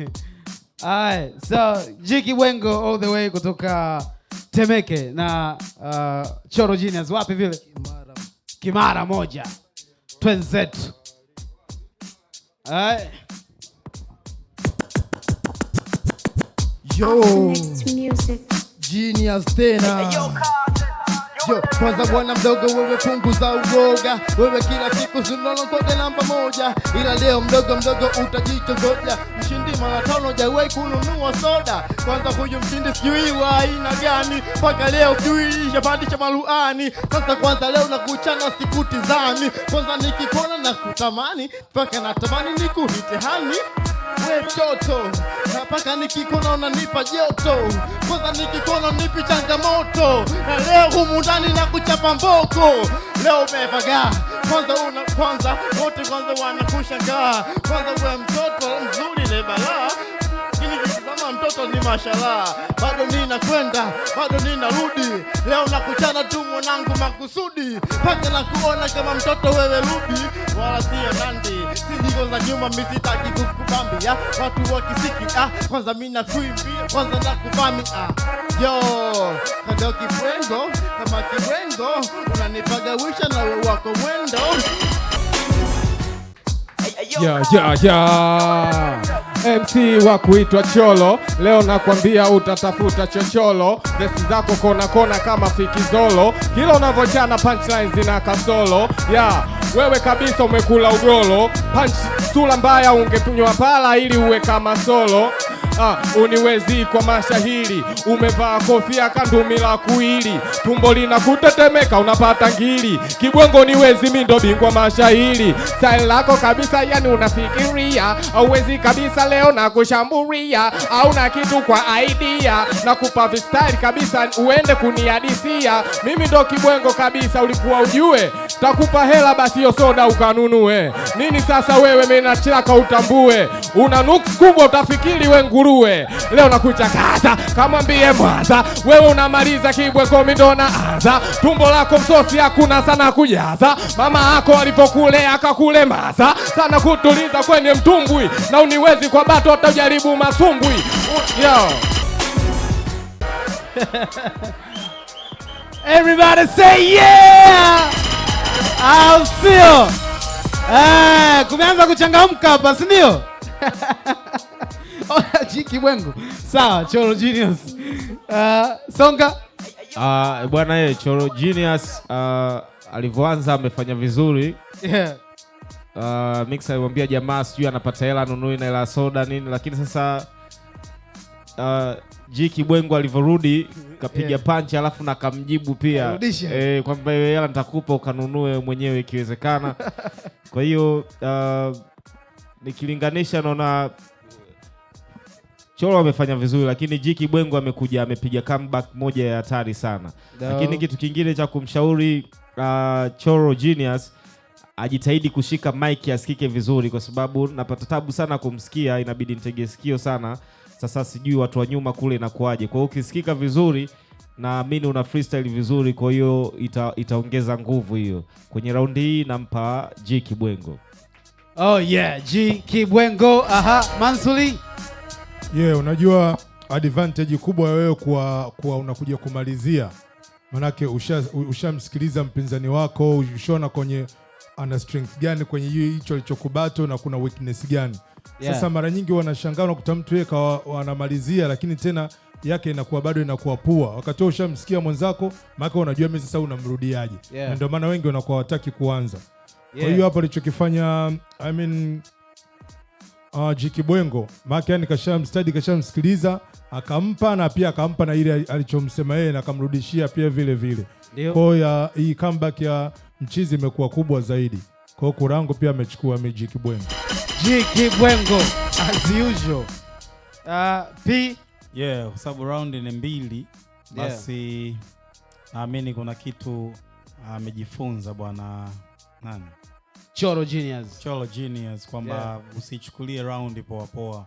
All so Jiki wengo all the way kutoka Temeke na uh, Choro Genius wapi vile Kimara, Kimara moja twenzetu. All Yo. Genius tena. Yo, kwanza bwana mdogo, wewe punguza uoga, wewe kila siku zinonong'ona namba moja, ila leo mdogo mdogo utajichogoja mara tano hujawahi kununua soda. Kwanza huyu mshindi sijui wa aina gani, mpaka leo sijui chapati cha maluani. Sasa kwanza leo nakuchana sikutizami, kwanza nikikona na kutamani, mpaka natamani nikuhite hani we mtoto, mpaka nikikona unanipa joto, kwanza nikikona nipi changamoto, na leo humu na kuchapa mboko, leo umevagaa kwanza una kwanza wote kwanza wanakushangaa kwanza, we mtoto mzuri lebala kama mtoto ni mashallah, bado ninakwenda bado ninarudi, leo nakuchana tu mwanangu makusudi pake na kuona kama mtoto wewe rudi sio nandi, sigo za nyuma misitaki kukubambia watu wakisiki ah, kwanza mimi na kwanza na kubami ah, yo kaga kibwengo kama kibwengo unanipagawisha na we wako mwendo ya, ya, ya. MC wa kuitwa Cholo, leo nakwambia utatafuta chocholo, desi zako kona kona kama fikizolo, kila unavochana punchlines zina kasolo ya yeah wewe kabisa umekula ugolo punch, sula mbaya ungetunywa pala ili uwe kama solo Ah, uniwezi kwa mashahiri, umevaa kofia kandumi la kuili, tumbo lina kutetemeka, unapata ngili kibwengo, niwezi mi bingwa mashahiri, style lako kabisa, yani unafikiria auwezi kabisa, leo na kushamburia, auna kitu kwa idea, na kupa vistyle kabisa, uende kuniadisia mimi ndo kibwengo kabisa, ulikuwa ujue takupa hela basi hiyo soda ukanunue nini. Sasa wewe mena utambue, una nuksi kubwa, utafikiri we nguruwe. Leo nakucha kaza, kamwambie mwaza, wewe unamaliza kibwe komi aza Tumbo lako msosi hakuna sana kujaza, mama ako alipokulea akakulemaza sana kutuliza kwenye mtumbwi, na uniwezi kwa bato utajaribu masumbwi Everybody say yeah! au ah, sio? Eh, kumeanza kuchangamka hapa, si ndio? Kibwengo. Sawa, Cholo Genius. Uh, songa. Uh, bwana yeye Cholo Genius uh, alivyoanza amefanya vizuri. Yeah. Uh, Mix alimwambia jamaa sijui anapata hela nunui na hela soda nini, lakini sasa uh, Jiki Bwengo alivyorudi kapiga yeah, panchi alafu na kamjibu pia eh, kwamba hiyo hela nitakupa ukanunue mwenyewe ikiwezekana. Kwa hiyo uh, nikilinganisha naona Cholo amefanya vizuri, lakini Jiki Bwengo amekuja amepiga comeback moja ya hatari sana no. Lakini kitu kingine cha kumshauri uh, Cholo Genius ajitahidi kushika mic asikike vizuri, kwa sababu napata tabu sana kumsikia, inabidi nitege sikio sana sasa sijui watu wa nyuma kule inakuaje. Kwa hiyo ukisikika vizuri, naamini una freestyle vizuri, kwa hiyo ita, itaongeza nguvu hiyo. Kwenye raundi hii nampa G Kibwengo. Oh yeah, G Kibwengo. Aha, Mansuri. Yeah, unajua advantage kubwa ya wewe kuwa, kuwa unakuja kumalizia manake ushamsikiliza usha mpinzani wako, ushaona kwenye ana strength gani kwenye hicho alichokubato na kuna weakness gani Yeah. Sasa mara nyingi wanashangaa unakuta mtu yeye anamalizia, lakini tena yake inakuwa bado inakuwa pua, wakati wewe ushamsikia mwenzako, maana unajua mimi sasa unamrudiaje? Yeah. Na ndio maana wengi wanakuwa hawataki kuanza. Yeah. Kwa hiyo hapo alichokifanya I mean uh, Jikibwengo maana yani kashamstadi kashamsikiliza akampa na pia akampa na ile alichomsema yeye na akamrudishia pia vile vile. Ndio. Kwa hiyo hii comeback ya mchizi imekuwa kubwa zaidi. Kwa hiyo Kurango pia amechukua Meji Kibwengo. G Kibwengo as usual. Uh, P yeah, sababu round ni mbili basi yeah. Naamini kuna kitu uh, amejifunza uh, bwana nani Cholo Genius. Cholo Genius kwamba yeah. Usichukulie round poa poa. Oh,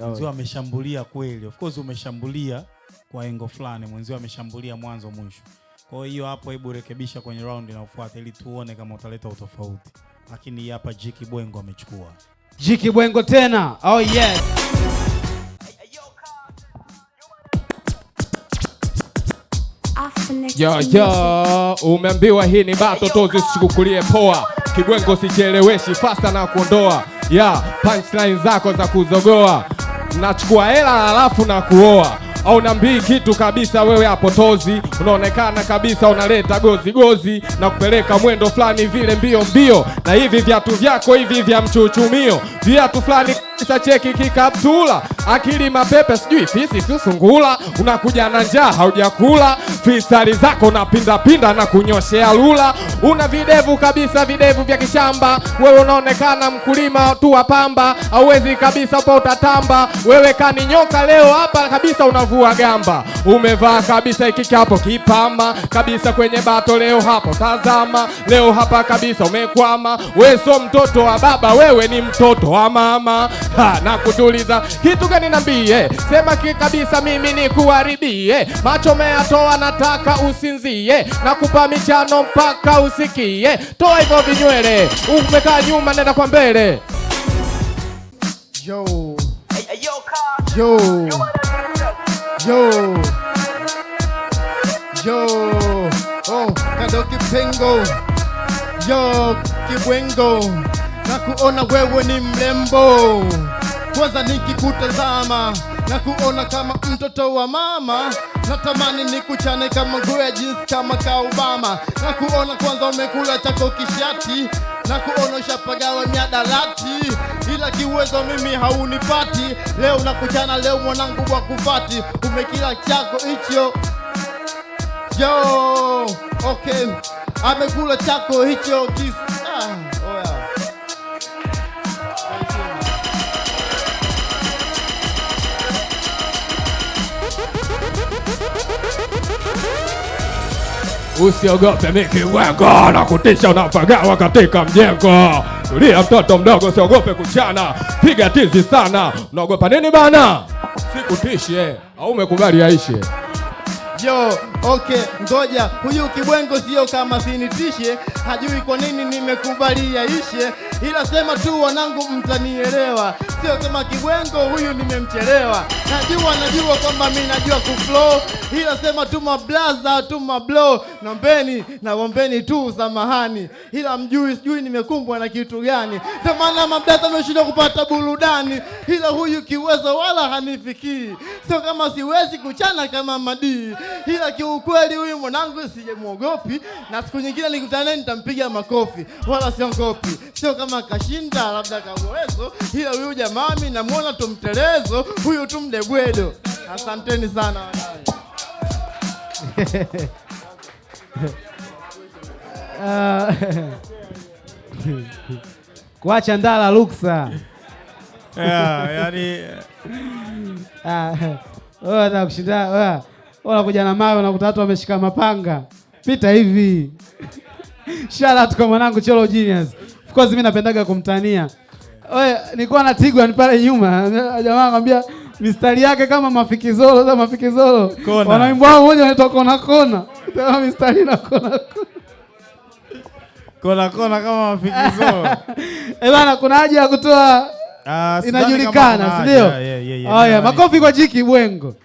mwenzio ameshambulia kweli, of course umeshambulia kwa engo fulani, mwenzio ameshambulia mwanzo mwisho. Kwa hiyo hapo, hebu rekebisha kwenye round inayofuata ili tuone kama utaleta utofauti, lakini hapa Jiki Bwengo amechukua Jiki Bwengo tena. Oh yes. Yo yo, umeambiwa hii ni bato tozi, sikukulie poa. Kibwengo sicheleweshi, fasta na kuondoa. Ya yeah, punchline zako za kuzogoa, nachukua hela halafu na kuoa au nambii kitu kabisa, wewe hapo tozi, unaonekana kabisa unaleta gozi gozi na kupeleka mwendo fulani vile mbio mbio, na hivi viatu vyako hivi vya mchuchumio njia tu fulani kisa Cheki kikaptula akili mapepe sijui fisi sungula unakuja na njaa haujakula, fisari zako napindapinda na kunyoshea lula, una videvu kabisa, videvu vya kishamba, wewe unaonekana mkulima tu wa pamba, auwezi kabisa upa utatamba, wewe kani nyoka leo hapa kabisa unavua gamba, umevaa kabisa ikikapo kipama kabisa kwenye bato leo hapo tazama, leo hapa kabisa umekwama, we so mtoto wa baba, wewe ni mtoto wa mama na kutuliza kitu gani nambie, sema kikabisa mimi ni kuharibie, macho meatoa nataka usinzie, na kupa michano mpaka usikie, toa hivyo vinywele, umekaa nyuma, nenda kwa mbele. Yo. Yo. Yo. Yo. Oh, Kado Kipengo. Yo, Kibwengo na kuona wewe ni mrembo. Kwanza nikikutazama na kuona kama mtoto wa mama, natamani nikuchane kama nguo ya jeans kama ka Obama, na kuona kwanza umekula chako kishati, na kuona ushapagawa miadarati, ila kiwezo mimi haunipati. Leo nakuchana, leo mwanangu wa kufati, umekila chako hicho jo, okay, amekula chako hicho kisi Usiogope miki wengo na kutisha unapagawa katika mjengo. Tulia mtoto mdogo, usiogope kuchana, piga tizi sana. Unaogopa nini bana? Sikutishe au umekubali aishe? Yo, okay, ngoja huyu kibwengo sio kama sinitishe, hajui kwa nini nimekubali ishe ila sema tu wanangu, mtanielewa. Sio sema kibwengo huyu nimemchelewa. Najua najua kwamba mi najua kuflow, ila sema tu mablaza tu mablo, naombeni naombeni tu samahani, ila mjui sijui nimekumbwa na kitu gani, ndio maana mablaza ameshindwa kupata burudani, ila huyu kiwezo wala hanifikii. Sio kama siwezi kuchana kama madii, ila kiukweli huyu mwanangu sijemwogopi na siku nyingine nikutana nitampiga makofi, wala siogopi sio kama kashinda labda kawezo, ila huyu jamaa namuona tumtelezo, huyu tu mdegwedo. Asanteni sana Kuacha ndala luksa. Ah, kushinda unakuja na mawe, unakuta watu wameshika mapanga, pita hivi. Shout out kwa mwanangu Cholo Genius course mimi napendaga kumtania. Wewe nilikuwa na Tigwan pale nyuma. Jamaa anambia mistari yake kama mafikizolo za mafikizolo. wanaimbwa wao mmoja wanaitwa kona kona. mistari na kona kona. Kona kona kama mafikizolo. Eh, bana kuna haja ya kutoa uh, inajulikana, si makofi kwa Jiki Bwengo.